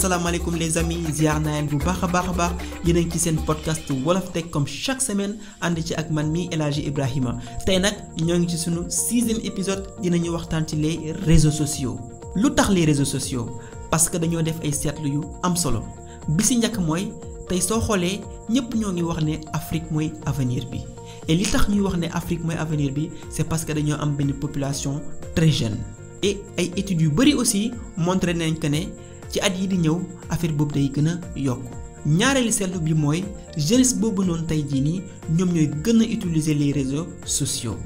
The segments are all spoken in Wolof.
asalaamaaleykum les amis ziar naa leen bu baax a baax a baax ci seen podcast wolof tech comme chaque semaine ànd ci ak man mi El Ibrahima tey nag ñoo ngi ci sunu sixième épisode dinañu waxtaan ci les réseaux sociaux. lu tax les réseaux sociaux parce que dañoo def ay seetlu yu am solo bi si njëkk mooy tey soo xoolee ñëpp ñoo ngi wax ne Afrique mooy avenir bi et li tax ñuy wax ne Afrique mooy avenir bi c'est parce que dañoo am benn population très jeune. et ay études yu bëri aussi montré nañ que ne ci at yi di ñëw affaire boobu day gën a yokk ñaareelu seetlu bi mooy jeunesse boobu noonu tey jii nii ñoom ñooy gën a utiliser les réseaux sociaux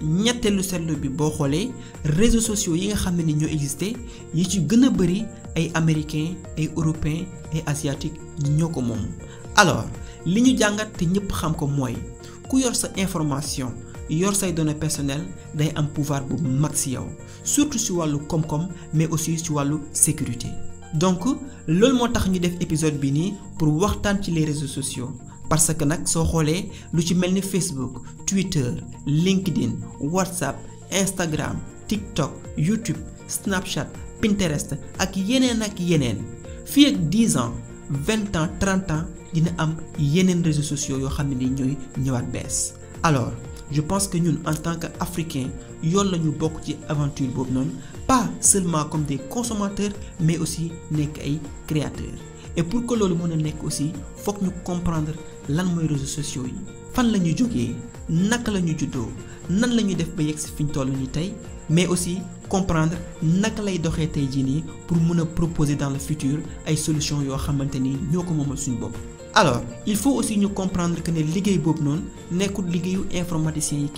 ñetteelu seetlu bi boo xoolee réseaux sociaux yi nga xam ne ni ñoo existé yi ci gën a bëri ay américains ay européens ay asiatiques ñoo ko moom. alors li ñu jàngat te ñëpp xam ko mooy ku yor sa information yor say données personnelles day am pouvoir bu mag si yow surtout si wàllu koom-koom mais aussi si wàllu sécurité donc loolu moo tax ñu def épisode bi pour waxtaan les réseaux sociaux parce que nag soo xoolee lu ci Facebook Twitter LinkedIn WhatsApp Instagram TikTok YouTube Snapchat Pinterest ak yeneen ak yeneen fii ak 10 ans 20 ans 30 ans dina am yeneen réseaux sociaux qui xam ne fait alors je pense que nous, en tant qu'africains africain yoon la ci aventure pas seulement comme des consommateurs mais aussi nek ay créateurs et pour que lolu mën nek aussi foog ñu comprendre lan moy réseaux sociaux yi fan lañu ñu nak naka la juddoo nan lañu def ba yex fiñ fi ñu tay mais aussi comprendre naka lay doxé tay jini pour mën proposer dans le futur ay solutions yo xamanteni ñoko momal suñu bop alors il faut aussi ñu comprendre que ne liggéey boobu noonu nekkul liggéeyu informaticien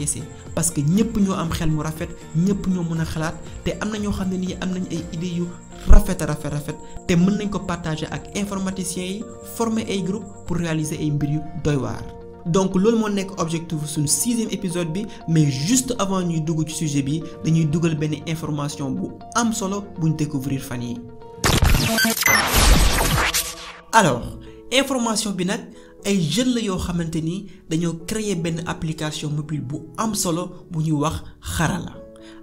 parce que ñëpp ñoo am xel mu rafet ñëpp ñoo mën a xalaat te am ne ay idées yu rafet a rafet informaticiens former ay groupe pour réaliser ay mbir yu doy waar. donc loolu moo nekk objectif 6 sixième épisode bi mais juste avant ñuy dugg ci sujet bi dañuy dugal information bu découvrir alors information bi nag ay jeune la yoo xamante ni dañoo créer benn application mobile bu am solo bu ñuy wax xarala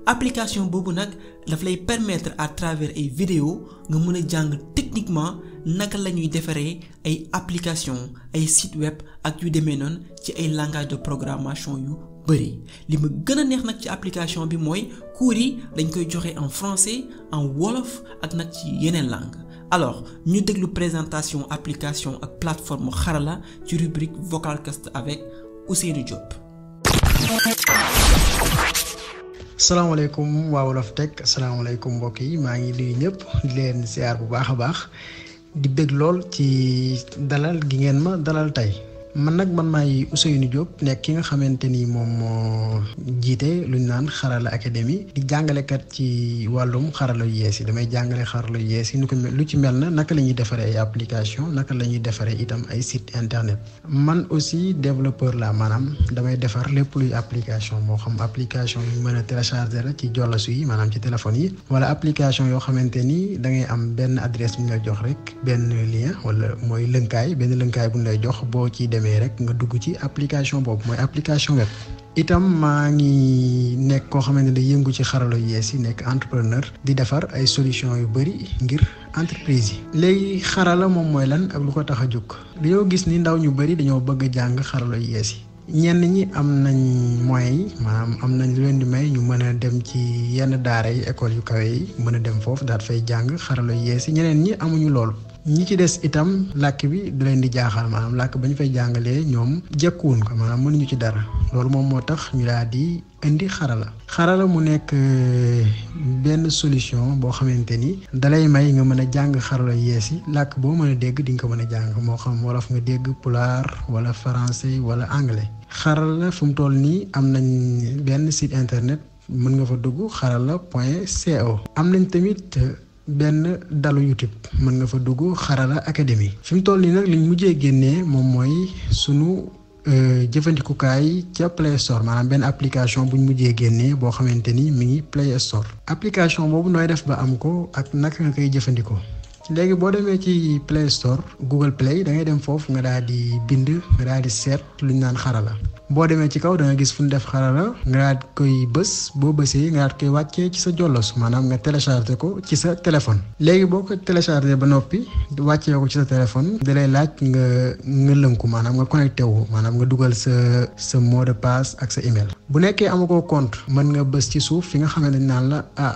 application boobu nag daf lay permettre à travers ay vidéo nga mën a jàng techniquement naka la ñuy defaree ay application ay site web ak yu demee noonu ci ay langage de programmation yu bëri li ma gën a neex nag ci application bi mooy cours yi dañ koy joxe en français en wolof ak nag ci yeneen langue alors ñu la présentation application ak plateforme xarala ci rubrique Vocalcast avec Ousseynou Diop. alaikum waa Wolof Tech salaamaaleykum alaikum yi ma ngi nuyu ñëpp di leen ziar bu baaxa baax di bég lool ci dalal gi ma dalal tay man nag man maay Ousseynou Diop nekk ki nga xamante ni moom moo jiite lu ñu naan xarala académie di jàngalekat ci wàllum xarala yu yees yi damay jàngale xarala yu yees yi nu ko lu ci mel na naka la ñuy defaree ay application naka la ñuy defaree itam ay site internet man aussi développeur la maanaam damay defar lépp luy application moo xam application yu mën a télécharger la ci jollasu yi maanaam ci téléphone yi wala application yoo xamante ni dangay am benn adresse bu lay jox rek benn wala mooy lënkaay benn lënkaay bu lay jox demee rek nga dugg ci application boobu mooy application web itam maa ngi nekk koo xamante ne yëngu ci xaralo yu yees yi nekk entrepreneur di defar ay solution yu bëri ngir entreprise yi léegi xarala moom mooy lan ak lu ko tax a jóg dañoo gis ni ndaw ñu bëri dañoo bëgg jàng xarala yu yees ñenn ñi am nañ moyens yi am nañ lu leen di may ñu mën a dem ci yenn daara yi école yu kawe mën a dem foofu daal fay jàng xarala yu yees yi ñeneen ñi amuñu loolu ñi ci des itam làkk bi da leen di jaaxal maanaam làkk ba ñu fay jàngalee ñoom jekkuwuñ ko maanaam mënuñu ci dara loolu moom moo tax ñu daal di indi xarala xarala mu nekk euh, benn solution boo xamante ni dalay may nga mën a jàng xarala yees yi làkk boo mën a dégg di nga ko mën a jàng moo xam wolof nga dégg pulaar wala français wala anglais xarala fu mu toll nii am nañ benn site internet mën nga fa dugg xarala point co am nañ tamit benn dalu YouTube mën nga fa dugg Xarala Academy fi mu toll nii nag liñ mujjee génnee moom mooy sunu euh, jëfandikukaay ca Play Store maanaam benn application buñ mujjee génnee boo xamante ni mi ngi Play Store application boobu nooy def ba am ko ak naka nga koy jëfandikoo. léegi boo demee ci Play Store Google Play dangay dem foofu nga daal di bind nga daal di seet luñ naan Xarala boo demee ci kaw da nga gis fu ñu def xarala nga daat koy bës boo bësee nga daat koy wàccee ci sa jollos maanaam nga téléchargé ko ci sa téléphone léegi boo ko téléchargé ba noppi wàccee ko ci sa téléphone da lay laaj nga nga lënku maanaam nga connecté wu maanaam nga dugal sa sa mot de ak sa email bu nekkee amu ko compte mën nga bës ci suuf fi nga xamante ni naan la ah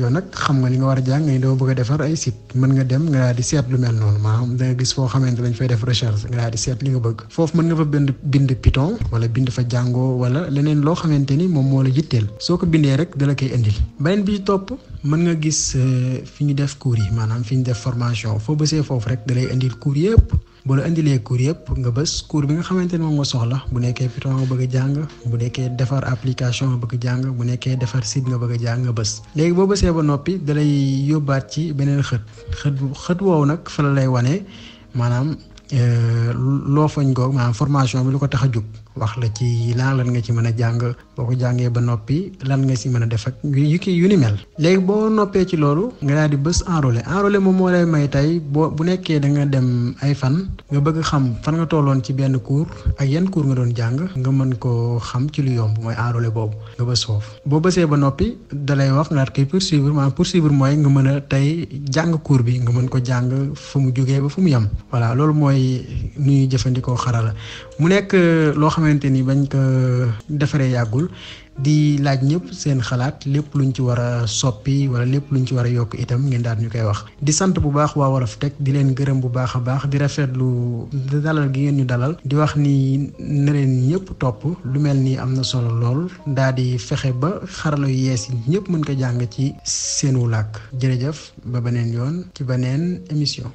yow nag xam nga li nga war a jàng nga ni dama bëgg a defar ay site mën nga dem nga daal di seet lu mel noonu maanaam da nga gis xamante lañ fay def recherche nga daal di seet li bëgg foofu mën nga fa bind bind Python wala bind fa Django wala leneen loo xamante ni moom moo la yitteel soo ko bindee rek da koy indil beneen bi ci topp mën nga gis euh, fi ñu def cours yi maanaam fi ñu def formation foo bësee foofu rek dalay lay indil cours yëpp bu la indilee cours yëpp nga bës cours bi nga xamante ne moom nga soxla bu nekkee Python nga bëgg a jàng bu nekkee defar application nga bëgg jàng bu nekkee defar site nga bëgg a jàng nga bës léegi boo bësee ba noppi dalay yóbbaat ci beneen xët xët xët woowu nag fa la lay wane maanaam euh, loo fañ goog maanaam formation bi lu ko tax a jóg wax la ci lan lan nga ci mën a jàng boo ko jàngee ba noppi lan nga si mën a def ak yu kii yu ni mel. léegi boo noppee ci loolu nga daal di bës enrôlé enrôlé moom moo lay may tey boo bu nekkee da nga dem ay fan nga bëgg xam fan nga tolloon ci benn cours ak yan kuur nga doon jàng nga mën koo xam ci lu yomb mooy enrôlé boobu nga bës boo bësee ba noppi da lay wax nga daal koy poursuivre maanaam poursuivre mooy nga mën a tey jàng cours bi nga mën ko jàng fu mu jógee ba fu mu yem voilà loolu mooy nu ñuy jëfandikoo xarala mu nekk euh, loo xamante ni bañ ko defaree yàggul. jubul di laaj ñëpp seen xalaat lépp lu luñ ci war a soppi wala lépp luñ ci war a yokk itam ngeen daal ñu koy wax. di sant bu baax waa Wolof teg di leen gërëm bu baax a baax di rafetlu dalal gi ngeen ñu dalal di wax nii na leen ñëpp topp lu mel ni am na solo lool daal di fexe ba xarala yu yees yi ñëpp mën ko jàng ci seenu làkk jërëjëf ba beneen yoon ci beneen émission.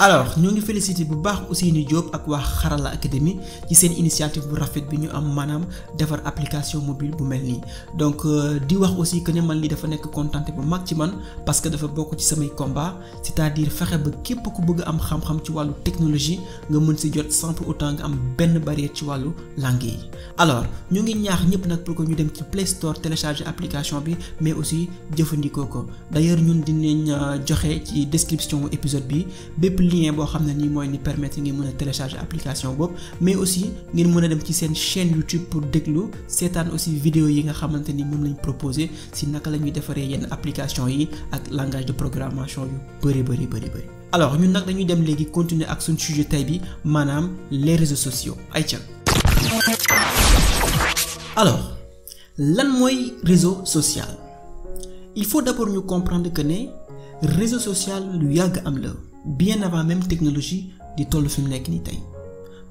alors ñu ngi félicité bu baax Ousseynou Diop ak waa Xarala Academy ci seen initiative bu rafet bi ñu am maanaam defar application mobile bu mel nii donc euh, di wax aussi que ne man lii dafa nekk contente bu mag ci man parce que dafa bokk ci samay combat c'est-à-dire fexe ba képp ku bëgg am xam-xam ci wàllu technologie nga mën si jot sans pour autant nga am benn barrière ci wàllu langue yi alors ñu ngi ñaax ñëpp nag pour que ñu dem ci Play Store télécharger application bi mais aussi jëfandikoo ko d'ailleurs ñun dinañ euh, joxe ci description épisode bi bépp lien boo xam ne nii mooy ni permettre ngeen mën a télécharger application boobu mais aussi ngeen mën a dem ci seen chaîne YouTube pour déglu seetaan aussi vidéo yi nga xamante ni moom lañ proposé si naka la ñuy defaree yenn application yi ak langage de programmation yu bëri bëri bëri bëri. alors ñun nag dañuy dem léegi continuer ak suñu sujet tey bi maanaam les réseaux sociaux ay ca alors lan mooy réseau social il faut d'abord ñu comprendre que ne réseau social lu yàgg am la bien avant même technologie di toll fi mu nekk nii tey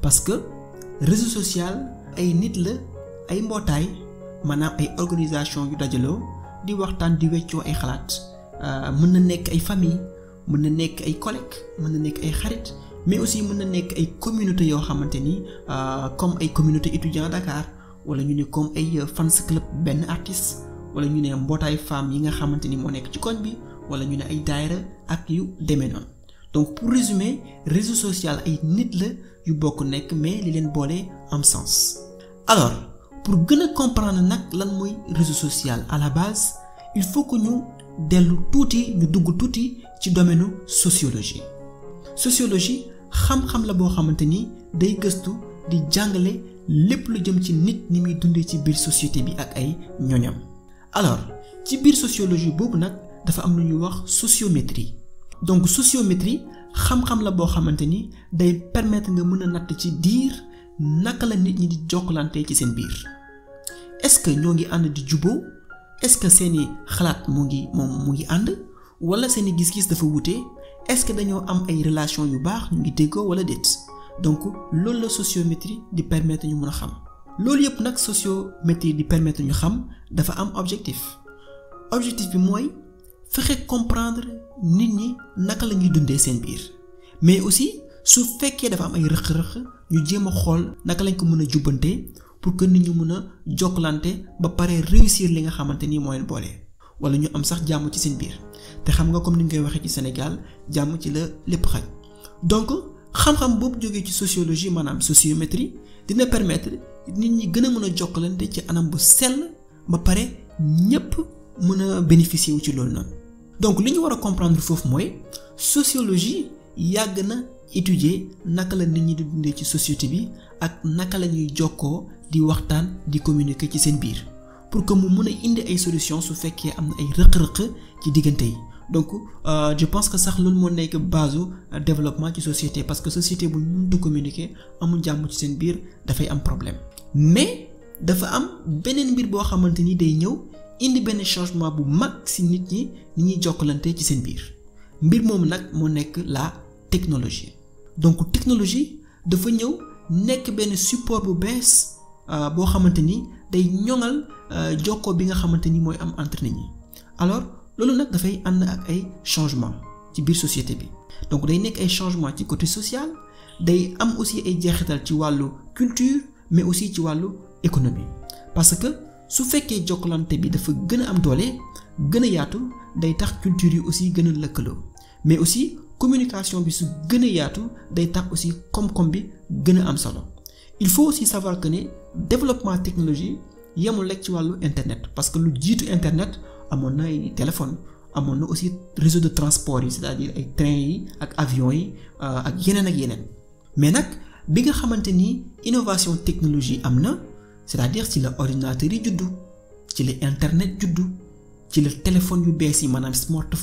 parce que réseau social ay nit la ay mbootaay maanaam ay organisation yu dajaloo di waxtaan di weccoo ay xalaat euh, mën na nekk ay famille mën na nekk ay collègues mën na nekk ay xarit mais aussi mën na nekk ay communauté yoo xamante ni euh, comme ay communauté étudiant Dakar wala ñu ne comme ay euh, fans club benn artiste wala ñu ne mbootaay femme yi nga xamante ni moo nekk ci koñ bi wala ñu ne ay daayira ak yu demee noonu donc pour résumer réseau social ay nit la yu bokk nekk mais li leen boole am sens. alors pour gën comprendre nag lan mooy réseau social à la base il faut que ñu dellu tuuti ñu dugg tuuti ci domaine sociologie sociologie xam-xam la boo xamante ni day gëstu di jàngale lépp lu jëm ci nit ni muy dundee ci biir société bi ak ay ñoñam alors ci biir sociologie boobu nag dafa am lu ñuy wax sociométrie donc sociométrie xam-xam la boo xamante ni day permettre nga mën a natt ci diir naka la nit ñi di jokkalante ci seen biir est-ce que ñoo ngi ànd di jubo? est-ce que seeni xalaat mu ngi moom mu ngi ànd wala seeni gis-gis dafa wute est-ce que dañoo am ay relation yu baax ñu ngi déggoo wala déet donc loolu la sociométrie di permettre ñu mën a xam loolu yëpp nag sociométrie di permettre ñu xam dafa am objectif objectif bi mooy fexe comprendre nit ñi naka la ñuy dundee seen biir mais aussi su fekkee dafa am ay rëq-rëq ñu jéem a xool naka lañ ko mën a pour que nit ñu mën a ba pare réussir li nga xamante ni moo boole wala ñu am sax jàmm ci seen biir te xam nga comme ni ñu koy waxee ci Sénégal jàmm ci la lépp xaj donc xam-xam boobu jógee ci sociologie maanaam sociométrie dina permettre nit ñi gën a mën a ci anam bu sell ba pare ñëpp mën a bénéficier wu ci loolu noonu donc li ñu war a comprendre foofu mooy sociologie yàgg na étudier naka la nit ñi di dundee ci société bi ak naka la ñuy jokkoo di waxtaan di communiquer ci seen biir pour que mu mën a indi ay solution su fekkee am na ay rëq-rëq ci diggante yi donc euh, je pense que sax loolu moo nekk base euh, développement ci société parce que société bu ñu du communiquer amul jàmm ci seen biir dafay am problème mais dafa am beneen mbir boo xamante ni day ñëw indi benn changement bu mag ci nit ñi ni ñuy jokkalante ci seen biir mbir moom nag moo nekk la technologie donc technologie dafa ñëw nekk benn support bu bees euh, boo xamante ni day ñoŋal euh, jokkoo bi nga xamante ni mooy am entre nit ñi alors loolu nag dafay ànd ak ay changement ci biir société bi donc day nekk ay changement ci côté social day am aussi ay jeexital ci wàllu culture mais aussi ci wàllu économie parce que su fekkee jokkalante bi dafa gën am doole day tax culture aussi mais aussi communication bi su gën a day tax aussi kom am il faut aussi savoir que développement technologie yemul ci internet parce que lu internet amoon ay téléphone amoon aussi réseau de transport c'est-à-dire ay trains, les avions, avion yi ak euh, ak mais bi innovation technologie am c'est-à-dire si la ordinateur du si ci la internet juddu ci le téléphone yu bees yi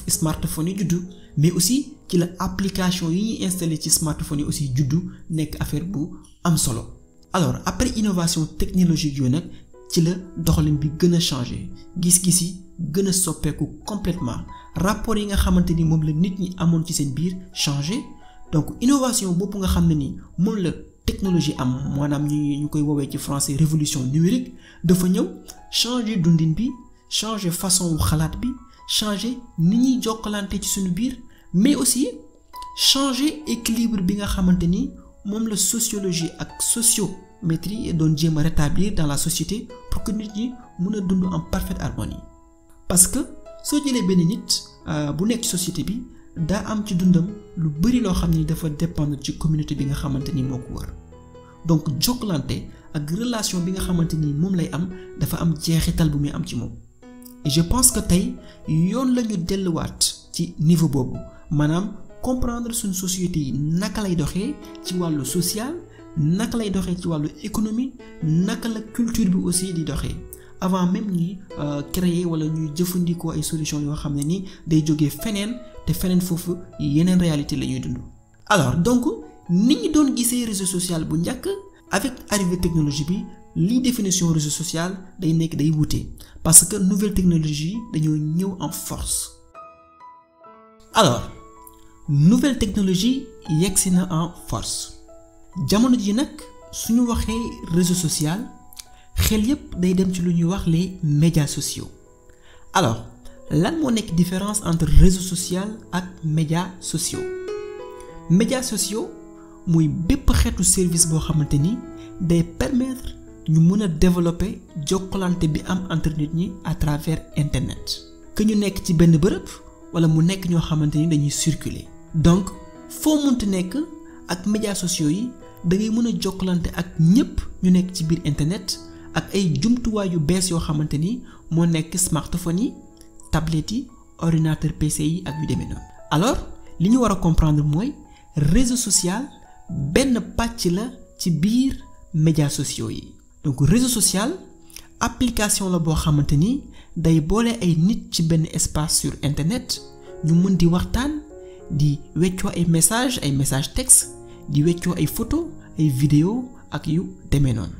smartphone yi juddu mais aussi si la application yi ñuy installé ci smartphone yi aussi juddu nekk affaire bu am solo alors après innovation technologique yooyu nag ci la doxalin bi gën a changé gis-gis yi gën a complètement rapport yi nga xamanteni mom moom la nit ñi amoon ci seen biir changé donc innovation bopp nga xam ne ni moom la technologie am maanaam ñu ñu koy woowee ci français révolution numérique dafa ñëw changer dundin bi changer façon de xalaat bi changer ni ñuy jokkalante ci suñu mais aussi changer équilibre bi nga xamante ni la sociologie ak sociométrie doon jéem a rétablir dans la société pour que nit ñi mën en parfaite harmonie parce que soo jëlee benn nit euh, bu nekk société bi daa am ci dundam lu bari loo xam ni dafa dépendre ci communauté bi nga xamante ni moo ko wër donc jokkalante ak relation bi nga xamante ni moom lay am dafa am jeexital bu muy am ci moom. et je pense que tey yoon lañu ñu delluwaat ci niveau boobu maanaam comprendre suñ société yi naka lay doxee ci wàllu social naka lay doxee ci wàllu économie naka la culture bi aussi di doxee avant même de euh, créer wala ñuy jëfandikoo ay solution yoo xam ne ni day jógee feneen te feneen foofu yeneen réalité la ñuy dund. alors donc ni ñu doon gisee réseau social bu njëkk avec arrivée technologie bi lii définition réseau social day nekk day wute parce que nouvelle technologie dañoo ñëw en force. alors nouvelle technologie technologies na en force jamono ji nag suñu waxee réseau social xel yépp day dem ci lu ñuy wax les médias sociaux alors lan moo nekk différence entre réseau social ak médias sociaux médias sociaux muy bépp xeetu service boo xamante ni day permettre ñu mën a développer jokkalante bi am entre nit ñi à travers internet que ñu nekk ci benn bërëb wala mu nekk ñoo xamante ni dañuy circuler donc foo munti nekk ak médias sociaux yi da ngay mën a jokkalante ak ñépp ñu nekk ci biir internet ak ay jumtuwaay yu bees yoo xamante ni moo nekk smartphone yi tablette yi ordinateur PC yi ak yu demee noonu. alors li ñu war a comprendre mooy réseau social benn pàcc la ci biir médias sociaux yi. donc réseau social application la boo xamante ni day boole ay nit ci benn espace sur internet ñu mën di waxtaan di weccoo ay messages ay messages texte di weccoo ay photo ay vidéo ak yu demee noonu.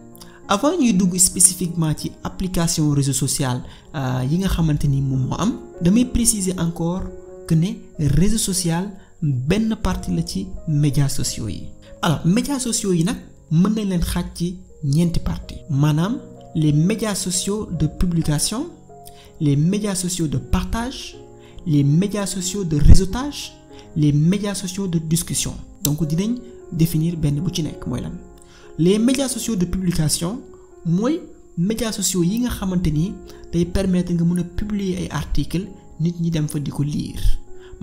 avant ñuy dugg spécifiquement ci application réseau social euh, yi nga xamante ni moom am damay préciser encore que ne réseau social benn partie la ci médias sociaux yi alors médias sociaux yi nag mën nañ leen xaaj ci partie les médias sociaux de publication les médias sociaux de partage les médias sociaux de réseautage les médias sociaux de discussion donc dinañ définir benn bu ci nekk mooy les médias sociaux de publication mooy médias sociaux yi nga xamante ni day permettre nga mën a publier ay articles nit ñi dem fa di ko lire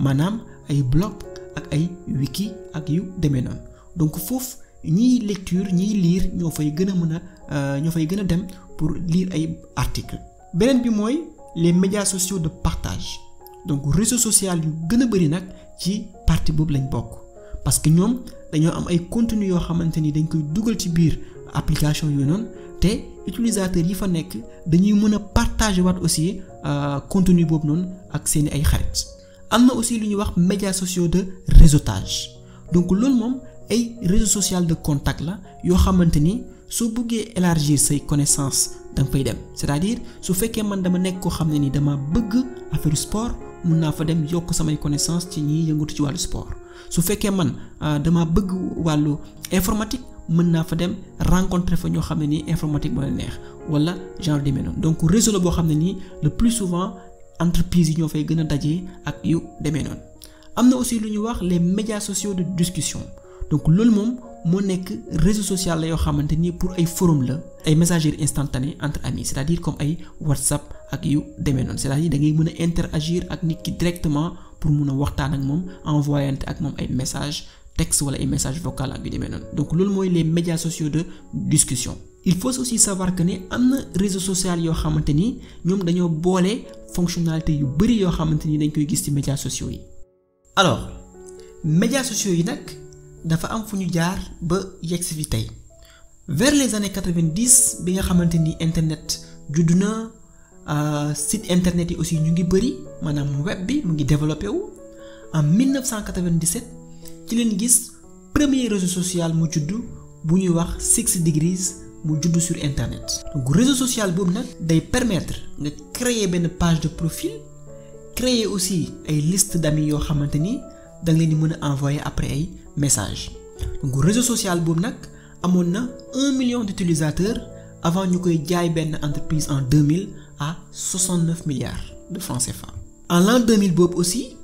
maanaam ay blog ak ay wiki ak yu demee noonu donc foofu ñiy lecture ñiy lire ñoo fay gën a mën a euh, ñoo fay gën a dem pour lire ay articles beneen bi mooy les médias sociaux de partage donc réseau social yu gën a bëri nag ci parti boobu lañ bokk parce que ñoom dañoo am ay contenu yoo xamante ni dañ koy dugal ci biir application yooyu noonu te utilisateur yi fa nekk dañuy mën a partager waat aussi euh, contenu boobu noonu ak seen ay xarit am na aussi lu ñuy wax médias sociaux de réseautage donc loolu moom ay réseau social de contact la yoo xamante ni soo bëggee élargir say connaissances da fay dem c'est-à-dire su fekkee man dama nekk koo xam ne ni dama bëgg affaire sport mun naa fa dem yokk samay connaissances ci ñiy yëngatu ci wàllu sport su fekkee man ah, dama bëgg wàllu informatique mën naa fa dem rencontrer fa ñoo xam ne nii informatique moo leen neex wala genre demee noonu donc réseau la boo xam ne nii le plus souvent entreprise yi ñoo fay gën a daje ak yu demee noonu am na aussi lu ñu wax les médias sociaux de discussion donc loolu moom moo nekk réseau social la yoo xamante ni pour ay forum la ay messagerie instantanée entre amis c'est-à-dire comme ay WhatsApp ak yu demee noonu c'est-à-dire da ngay mën a interagir ak nit ki directement pour mun a waxtaan ak envoyer envoyante ak moom ay message texte wala ay message vocal ak yu demee donc loolu mooy les médias sociaux de discussion il faut aussi savoir que ne am na réseau social yoo xamante ni ñoom dañoo boole fonctionnalité yu bëri yoo xamante ni dañ koy gis ci médias sociaux yi alors médias sociaux yi nag dafa am fu ñu jaar ba yegsi fi vers les années 90, bi nga xamante internet euh, site internet yi aussi ñu ngi bëri maanaam web bi mu ngi développé wu en 1997 ci leen gis premier réseau social mu judd bu ñuy wax six degrees mu judd sur internet. donc réseau social boobu nag day permettre nga créer une page de profil créer aussi ay liste d'amis yoo xamante ni da nga leen di envoyer après ay message donc réseau social boobu nag amoon na un million d'utilisateurs avant ñu koy jaay benn entreprise en 2000 à 69 milliards de francs CFA. en l'an 2000 Bob aussi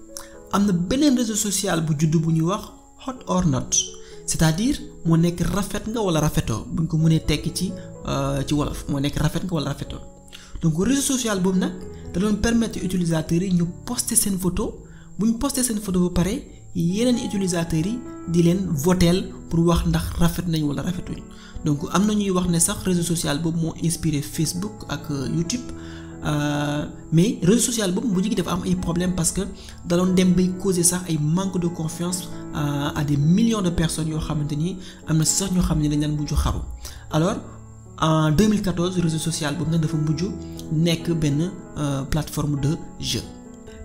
amna réseau social bu judd bu hot or not c'est-à-dire mo nek rafet nga wala rafeto buñ ko mëne tekki ci euh, ci wolof rafet nga wala donc réseau social bob nag da doon permettre utilisateurs yi poster seen photo bu poster seen photo ba paré yeneen utilisateurs yi di leen voter pour wax ndax rafet donc am na ñuy wax ne sax réseau social inspiré Facebook ak euh, YouTube euh, mais réseau social boobu ont gi dafa am ay parce que da doon dem bay causer sax ay manque de confiance euh, à des millions de personnes yoo xamante ni am na sax ñoo xam ne dañ daan alors en 2014 réseau social boobu nag dafa mujj nekk benn plateforme de jeu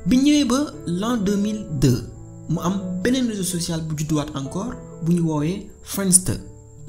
bi ñëwee ba l'an 2002 mu am beneen réseau social bu judduwaat encore bu ñu woowee Friendster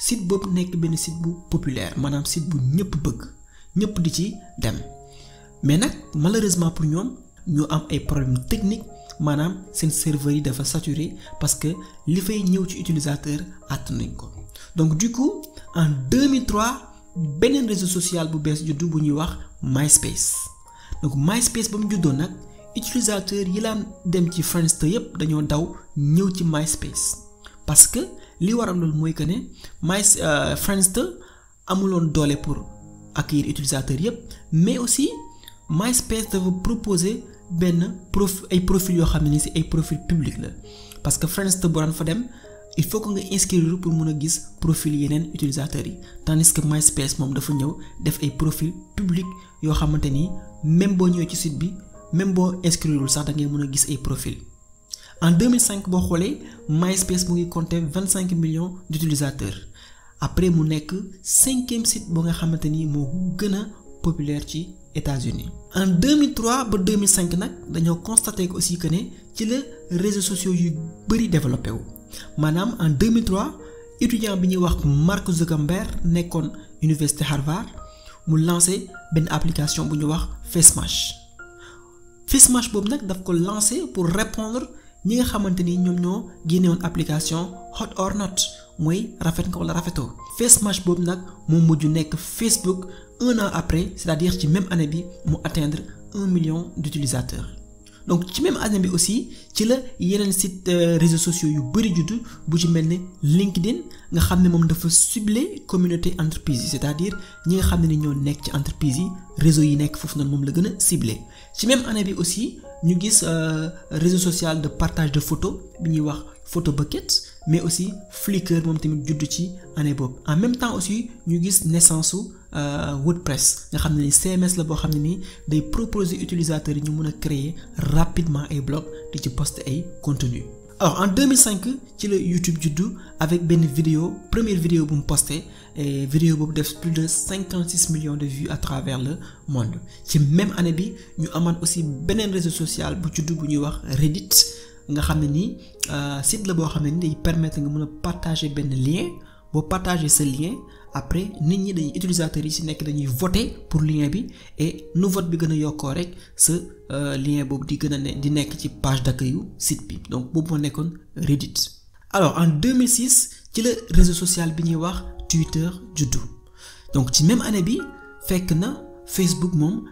site boobu nekk benn site bu populaire maanaam site bu ñëpp bëgg ñëpp di ci dem mais nag malheureusement pour ñoom ñoo am ay problème technique maanaam seen serveur yi dafa saturé parce que li fay ñëw ci utilisateur àtt nañ ko donc du coup en 2003 beneen réseau social bu bees juddu bu ñuy wax MySpace donc MySpace ba mu juddoon nag utilisateur yi laan dem ci Friendster yépp dañoo daw ñëw ci MySpace parce que li waral loolu mooy que ne My euh, Friendster amuloon doole pour accueillir utilisateurs yëpp mais aussi MySpace dafa proposer benn prof ay profil yoo xam ne ni si ay profil public la parce que Friendster bu a fa dem il faut que nga inscrire pour mun a gis profil yeneen utilisateurs yi tandis que MySpace moom dafa ñëw def ay profil public yoo xamante ni même boo ñëwee ci site bi même boo inscrireul sax da ngay mën a gis ay profil en 2005 MySpace mu 25 millions d'utilisateurs. après mu 5 cinquième site bu nga populaire aux États-Unis en 2003 et 2005 nous avons constaté aussi que réseaux sociaux ont beaucoup développé en 2003 étudiant bi Mark Zuckerberg à université Harvard a lancé une application qui ñu FaceMash FaceMash lancé pour répondre ñi nga xamante ni ñoom ñoo génnewoon application hot or not mooy rafet nga wala rafetoo face match boobu nag moo mujj nekk Facebook un an après c'est-à-dire ci même année bi mu atteindre un million d'utilisateurs donc ci même année bi aussi ci la yeneen site euh, réseaux sociaux yu bari juddu bu ci mel ne LinkedIn nga xam ne moom dafa ciblé communauté entreprise yi c'est-à-dire ñi nga xam ne ni ñoo nekk ci entreprise yi réseau yi nekk foofu noonu moom la gën a ciblé ci même année bi aussi ñu gis euh, réseau social de partage de photos bi photo bucket mais aussi Flickr moom tamit judd ci année en même temps aussi ñu gis naissance euh, WordPress nga xam CMS la boo day proposer utilisateurs de créer rapidement un blog di ci poster ay contenu alors en 2005 ci YouTube avec une vidéo première vidéo bu mu postée et vidéo a def plus de 56 millions de vues à travers le monde ci même année bi ñu avons aussi un réseau social bu juddu bu ñuy wax Reddit nga xamné ni euh, site la bo xamné ni nga mëna partager benn lien bo partager ce lien après nit ñi dañuy utilisateurs yi si nekk dañuy voter pour lien bi et nu vote bi gën a rek euh, lien boobu di la di ci page d'accueil du site bi donc boobu moo nekkoon Reddit alors en 2006 ci le réseau social bi ñuy wax. Twitter tout donc ci même année bi fekk na Facebook moom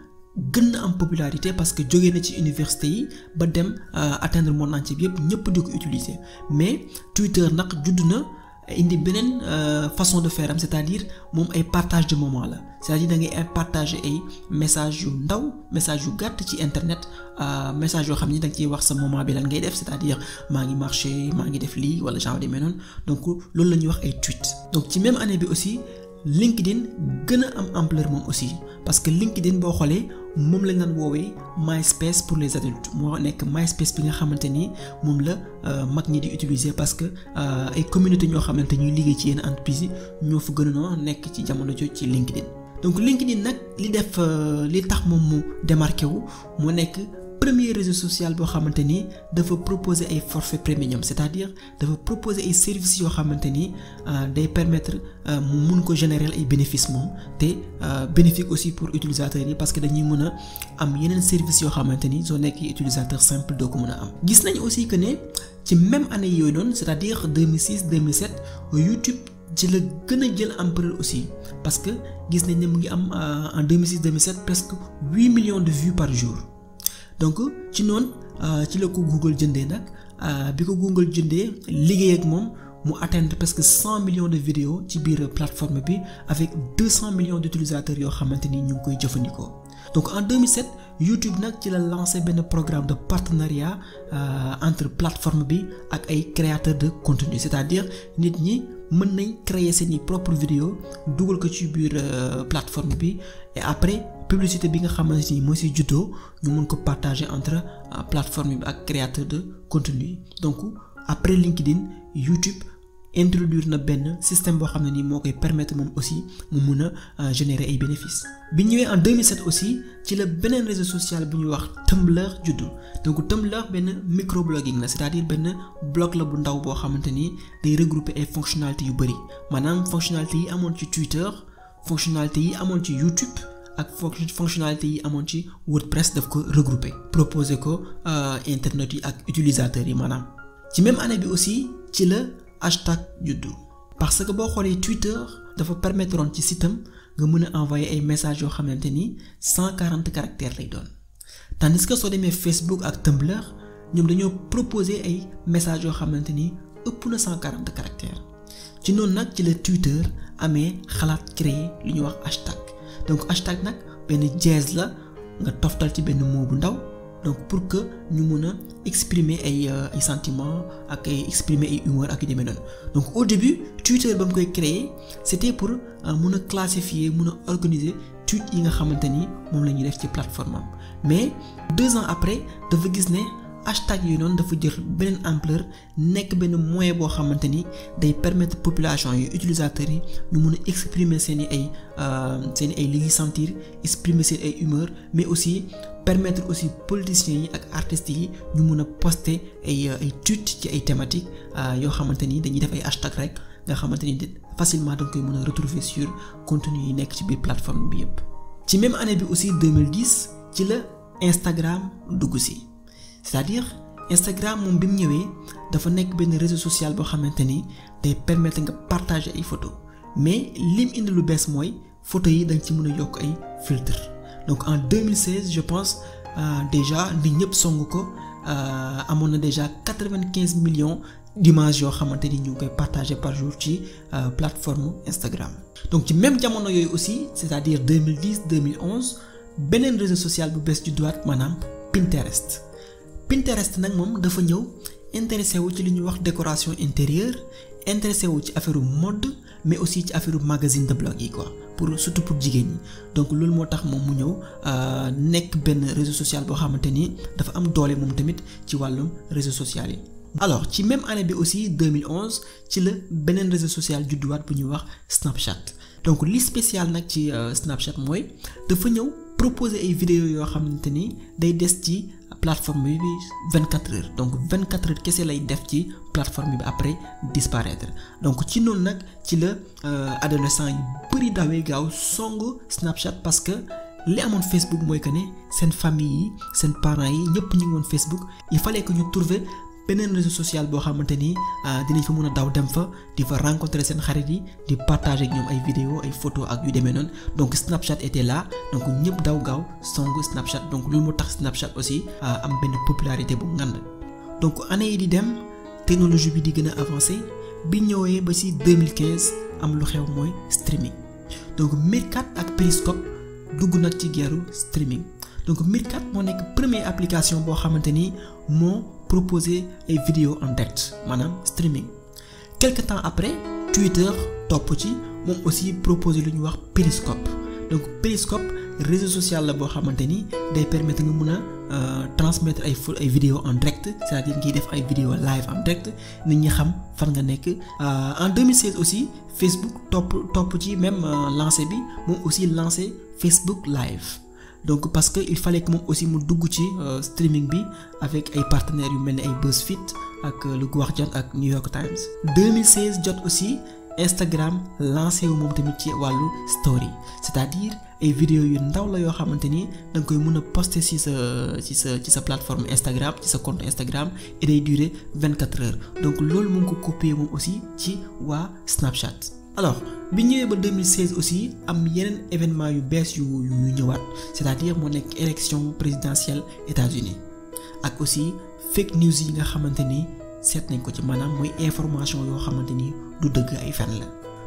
gën en popularité parce que les na ci université yi ba dem euh, atteindre monde entier bi yëpp ñëpp di utiliser mais Twitter nag judd na indi beneen euh, façon de faire am c'est-à-dire moom ay partage de moment la c'est-à-dire da ngay partager ay message yu ndaw message yu gàtt ci internet euh, message yoo xam ni da nga ciy wax sa moment bi lan ngay def c'est-à-dire maa ngi marché maa ngi def lii wala genre de mel noonu donc loolu la ñuy wax ay tweet donc ci même année bi aussi LinkedIn gën a am ampleur moom aussi parce que LinkedIn boo xoolee moom lañ daan woowee MySpace pour les adultes moo nekk MySpace bi nga xamante ni moom la euh, mag ñi di utiliser parce que euh, ay communauté ñoo xamante ñuy liggéey ci yenn entreprise yi ñoo fa gën a nekk ci jamono jooju ci LinkedIn. donc LinkedIn nag li def euh, li tax moom mu démarqué wu moo nekk premier réseau social bo xamanteni dafa proposer ay forfait premium c'est-à-dire dafa proposer ay service yo xamanteni euh, permettre euh, mu mun ko générer ay bénéfices moom euh, bénéfique aussi pour utilisateurs yi parce que dañuy mën un am yeneen services yo xamanteni ni nek utilisateurs utilisateur simple do ko am. nañ aussi que né ci même année yoy c'est-à-dire 2006 2007 YouTube. ci la gën a jël aussi parce que gis nañ ne mu ngi am en 2006 2007 presque 8 millions de vues par jour donc ci euh, ci Google jëndee euh, Google jëndee liggéey ak moom mu presque 100 millions de vidéos ci biir plateforme bi avec 200 millions d'utilisateurs yoo xamante ñu donc en 2007 YouTube a ci la lancé un programme de partenariat euh, entre plateforme B ak ay créateurs de contenu c'est-à-dire nit ñi mën nañ créer propres vidéos dugal ko ci biir plateforme bi et après publicité bi nga xamante ni moo si ñu partager entre euh, plateforme bi ak créateur de contenu donc après LinkedIn YouTube introduire na benn système qui permet ne permettre aussi mu euh, générer des bénéfices. bi en 2007 aussi ci la un réseau social bu ñu wax Tumblr donc Tumblr benn microblogging c'est-à-dire un blog la bu ndaw boo regrouper ay fonctionnalités yu bëri fonctionnalités yi amoon Twitter fonctionnalités yi amoon YouTube ak fonctionnalité yi amoon WordPress daf ko regrouper proposer ko euh, internet yi ak utilisateurs yi maanaam ci même année bi aussi ci la hashtag juddu parce que boo xoolee Twitter dafa permettre ci sitam nga mën a envoyer ay messages yoo xamante ni caractères lay doon tandis que soo demee Facebook ak Tumblr ñoom dañoo proposer ay messages yoo xamante ni ëpp na 140 de caractères ci noonu nag ci la Twitter amee xalaat créer li ñuy wax hashtag donc hashtag nag benn jazz la nga toftal ci benn mot bu ndaw donc pour que ñu mun a exprimer ay euh, ay sentiments ak ay exprimer ay humeur ak yu demee noonu donc au début Twitter ba mu koy créer c'était pour euh, mun a classifier mun a organiser tweet yi nga xamante ni moom la ñuy def ci plateforme am mais deux ans après dafa gis ne hashtag yooyu noonu dafa jël beneen ampleur nekk benn moyen boo xamante ni day permettre population yi utilisateurs yi ñu mun a exprimer seen i ay euh, seen i ay li sentir exprimer seen ay humeur mais aussi permettre aussi politiciens yi ak artistes yi ñu mun a poster ay euh, ay tweets ci ay thématiques euh, yoo xamante ni dañuy def ay hashtag rek nga xamante ni facilement da nga koy a retrouver sur contenu yi nekk ci biir plateforme bi yëpp. ci même année bi aussi 2010 ci la Instagram dugg si c'est-à-dire Instagram moom bi mu dafa réseau social qui permet de partager ay photos mais ce indi lu bees mooy photos yi dañ ci filtre donc en 2016 je pense euh, déjà nit ñëpp song ko euh, déjà 95 millions d'images yoo xamante par jour sur euh, la plateforme Instagram. donc même même jamono yooyu aussi c'est-à-dire 2010 2011 beneen réseau social bu bees du Pinterest. Pinterest nag moom dafa ñëw intéressé wu ci li ñuy wax décoration intérieure intéressé wu ci affaire mode mais aussi ci affaire magazine de blog yi quoi pour surtout pour jigéen ñi donc loolu moo tax moom mu ñëw euh, nekk benn réseau social boo xamante ni dafa am doole moom tamit ci wàllum réseau social yi. alors ci même année bi aussi 2011 ci la beneen réseau social judduwaat bu ñuy wax Snapchat donc li spécial nag ci euh, Snapchat mooy dafa ñëw proposer ay vidéos yoo xamante ni day des ci plateforme 24 heures donc 24 heures kese lay def ci plateforme après disparaître donc ci noonu nag ci le euh, adolescent yu bëri dawee gaaw Snapchat parce que li amoon Facebook mooy que famille yi seen parents yi ñëpp ñu ngi Facebook il fallait que nous trouver benen réseau social boo xamante ni ah, dinañ fa mën a daw dem fa di fa rencontrer seen xarit yi di partager ak ñoom ay vidéo ay photo ak yu demee noonu donc Snapchat était là donc ñëpp daw gaaw song Snapchat donc loolu moo tax Snapchat aussi ah, am benn popularité bu ngand donc année yi di dem technologie bi di gën a avancé bi ñëwee ba ci 2015 am lu xew mooy streaming donc Meerkat ak Periscope dugg nag ci geeru streaming donc Meerkat moo nekk première application boo xamante ni moo proposer des vidéos en direct maintenant streaming quelque temps après Twitter top ci aussi proposé le noir Periscope donc Periscope réseau social la permet de permettre euh, transmettre une vidéo en direct c'est-à-dire ngay fait une vidéo live en direct nit ñi xam euh, en 2016 aussi Facebook top, même euh, lancé bi aussi lancé Facebook Live donc parce qu'il fallait que je aussi mu euh, streaming bi avec un partenaire humain BuzzFeed euh, le Guardian avec New York Times. 2016 aussi Instagram lancé une monde tamit story c'est-à-dire ay vidéo yu ndaw la poster ci sa sa plateforme Instagram ci sa compte Instagram et day durer 24 heures donc ce mu copier aussi ci Snapchat alors bi ba 2016 aussi am yeneen événement yu bees yu yu ñëwaat c'est-à-dire l'élection présidentielle élection présidentielle États-Unis ak aussi fake news yi nga xamante ni seet nañ ko ci maanaam mooy information yoo xamante du dëgg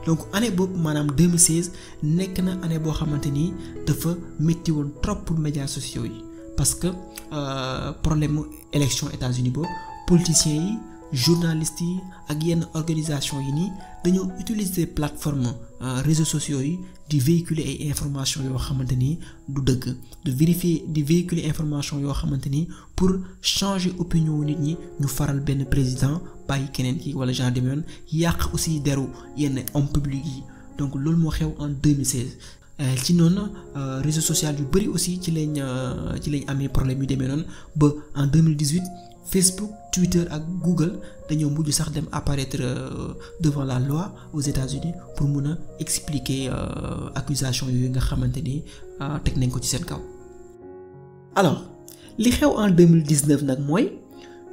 donc année 2016 nekk na année boo xamante ni dafa métti woon trop pour médias sociaux yi parce que euh, problème élection États-Unis les politiciens yi journalistes ak yenn organisation yi nii dañoo utiliser plateforme euh, réseaux sociaux yi di véhiculer ay information yoo xamante ni du dëgg de vérifier di véhiculer information yoo xamante ni pour changer opinion nit ñi ñu faral benn président bàyyi keneen ki wala genre demeyoon yàq aussi deru yenn homme public yi donc loolu moo xew en 2016 euh, ci noonu euh, réseau social yu bëri aussi ci lañ ci lañ amee problème yu demee noonu ba en 2018 Facebook Twitter ak Google dañoo mujj sax dem apparaître euh, devant la loi aux États-Unis pour mun a expliquer euh, accusation yooyu nga xamante ni euh, teg nañ ko ci seen kaw. alors li xew en 2019 nag mooy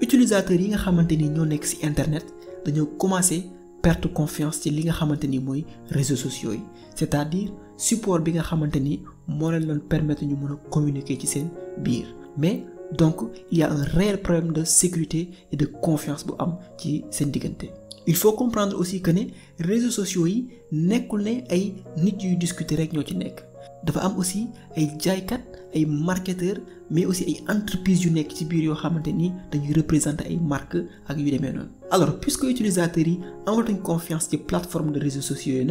utilisateurs yi nga xamante ni ñoo nekk ci internet dañoo commencé perte confiance ci li nga xamante ni mooy réseaux sociaux yi c'est-à-dire support bi nga xamante ni moo leen doon permettre ñu mun a communiquer ci seen biir mais donc il y a un réel problème de sécurité et de confiance pour am qui qui il faut comprendre aussi que les réseaux sociaux ne ay nit discuter avec dafa am aussi ay jaaykat ay marketeurs mais aussi ay entreprises yu nekk ci biir yoo xamante dañuy représenter ay marques ak yu alors puisque utilisateurs yi une confiance ci plateformes de réseaux sociaux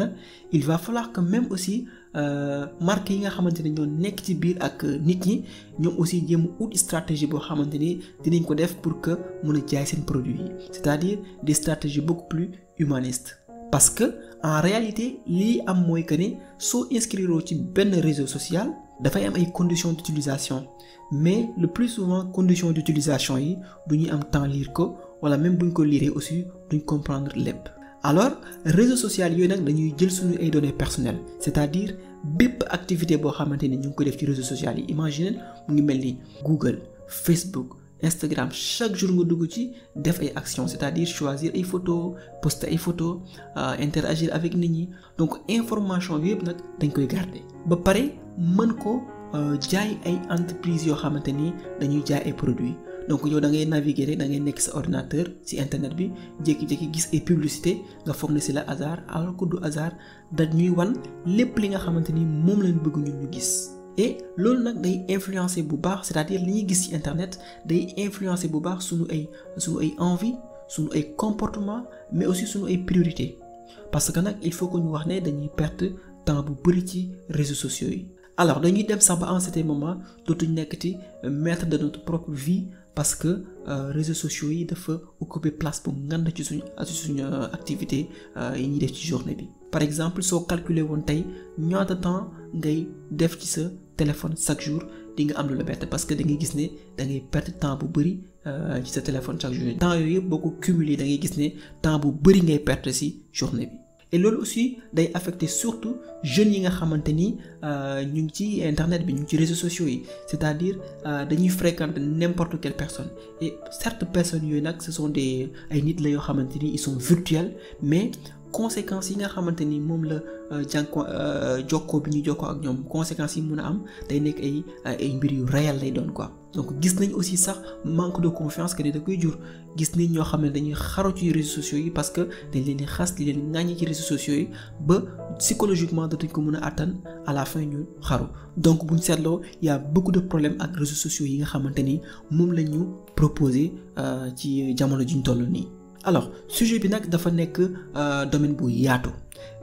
il va falloir que même aussi euh, marques yi nga xamante ne ñoo nekk ci biir ak euh, aussi jéem ut stratégie ko def pour que les a jaay seen produit c'est-à-dire des stratégies beaucoup plus humanistes parce que en réalité li am moy que ne soo inscrire ci un réseau social y am ay conditions d'utilisation mais le plus souvent conditions d'utilisation yi les am temps lire ko wala même buñ ko lire aussi duñ comprendre lep. alors réseaux sociaux sont nak dañuy jël suñu ay données personnelles c'est-à-dire les activité bo xamante ñu ko def ci réseaux sociaux yi imagine mu ngi Google Facebook. Instagram chaque jour nga dugg ci def ay actions c'est-à-dire choisir ay photos poster ay photos euh, interagir avec nit ñi donc information bi yëpp nag dañ koy garder ba pare mën ko euh, jaay ay entreprises yoo xamante ni dañuy jaay ay produits donc yow da ngay naviguer da ngay nekk sa ordinateur ci internet bi jékki-jékki gis ay publicité nga foog ne c'est hasard alors que du hasard ñuy wan lépp li nga xamante ni moom lañ bëgg ñun ñu gis et loolu nak day influencer bu c'est-à-dire li gis ci internet day influencer bu baax suñu ay suñu ay mais aussi suñu ay priorités, parce qu'il il faut que nous wax né dañuy perte temps bu les réseaux sociaux alors dañuy dem sax ba en ce moment dootuñ nekk ci maître de notre propre vie parce que euh, réseaux sociaux yi dafa occuper place pour ngand ci suñu euh, activité et euh, ñuy def ci journée bi. par exemple soo calculer woon tey ñaata temps ngay def ci sa téléphone chaque jour di nga am lu la bett parce que da ngay gis ne da ngay perdre temps bu bëri euh, ci sa téléphone chaque jour temps yooyu yëpp boo ko cumuler da ngay gis ne temps bu bëri ngay perdre si journée bi. et loolu aussi day affecté surtout jeunes yi nga xamante ni euh, ñu ngi ci internet bi ñu ngi ci réseaux sociaux yi c'est-à-dire euh, dañuy fréquenter n'importe quelle personne et certes personnes yooyu nag ce sont des ay nit la yoo xamante ni ils sont virtuels mais conséquences yi nga xamante ni moom la euh, jànko euh, jokkoo bi ñu jokkoo ak ñoom conséquences yi mun a am day nekk ay ay mbir yu réel lay doon quoi donc gis nañ aussi sax manque de confiance que ne da koy jur gis nañ ñoo xam ne dañuy xaru ci réseaux sociaux yi parce que dañ leen di xas di leen ŋàññi ci réseaux sociaux yi ba psychologiquement dootuñ ko mën a àttan à la fin ñu xaru donc buñ seetloo y a beaucoup de problèmes ak réseaux sociaux yi nga xamante ni moom la ñu proposé euh, ci jamono juñ toll nii alors sujet bi nag dafa nekk euh, domaine bu yaatu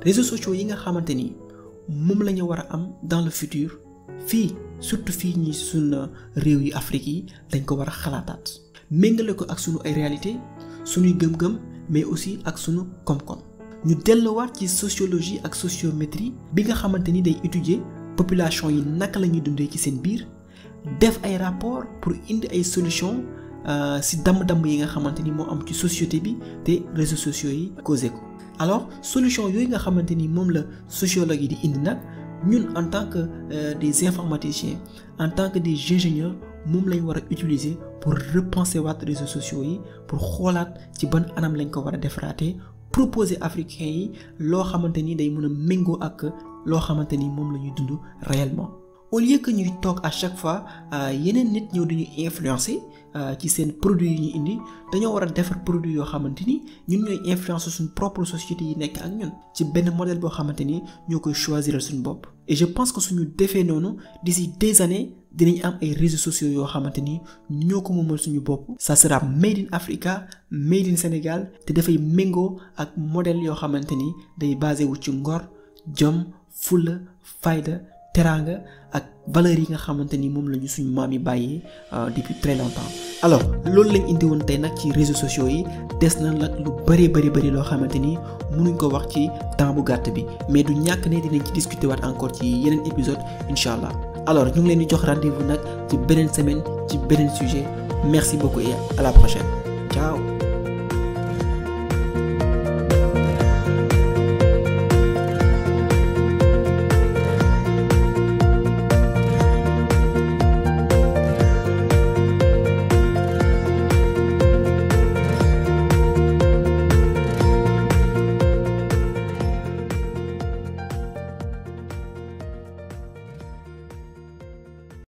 réseaux sociaux yi nga xamante ni moom la war a am dans le futur fii surtout fii ñi sun euh, réew yi Afrique yi dañ ko war a xalaataat méngale ko ak sunu ay réalité sunuy gëm-gëm mais aussi ak sunu kom. koom ñu delluwaat ci sociologie ak sociométrie bi nga xamante ni day étudier population yi naka la ñuy dundee ci seen biir def ay rapport pour indi ay solution euh, si damm dam yi nga xamanteni moo am ci réseaux sociaux yi causé alors solution yooyu nga xamanteni la sociologue nous en tant que euh, des informaticiens en tant que des ingénieurs nous utiliser pour repenser waat réseaux sociaux yi pour xoolaat ci ban anam lañ ko proposer africains yi loo xamante ni day mën a ak loo xamante ni réellement au lieu que ñuy toog à chaque fois euh, yeneen nit ñëw dañuy influencer euh, ci seen produit yi ñu indi dañoo war a defar produit yoo xamante ni ñun ñooy influencer suñu propre société yi nekk ak ñun ci benn modèle boo xamante ni ñoo koy choisir suñu bopp. et je pense que suñu defee noonu d'ici des années dinañ am ay réseaux sociaux yoo xamante ni ñoo ko moomal suñu bopp. ça sera made in Africa made in Sénégal te dafay méngoo ak modèle yoo xamante ni day basé wu ci ngor jom fulla fayda teranga ak valeur yi nga xamante ni moom la ñu suñu maam yi bàyyee euh, depuis très longtemps alors loolu lañ indi woon tey nag ci réseaux sociaux yi des na nag lu bëree bëri bëri loo xamante ni mënuñ ko wax ci temps bu gàtt bi mais du ñàkk ne dinañ ci discuter waat encore ci yeneen épisode incha allah alors ñu ngi leen di jox rendez-vous nag ci beneen semaine ci beneen sujet merci beaucoup et à la prochaine ciao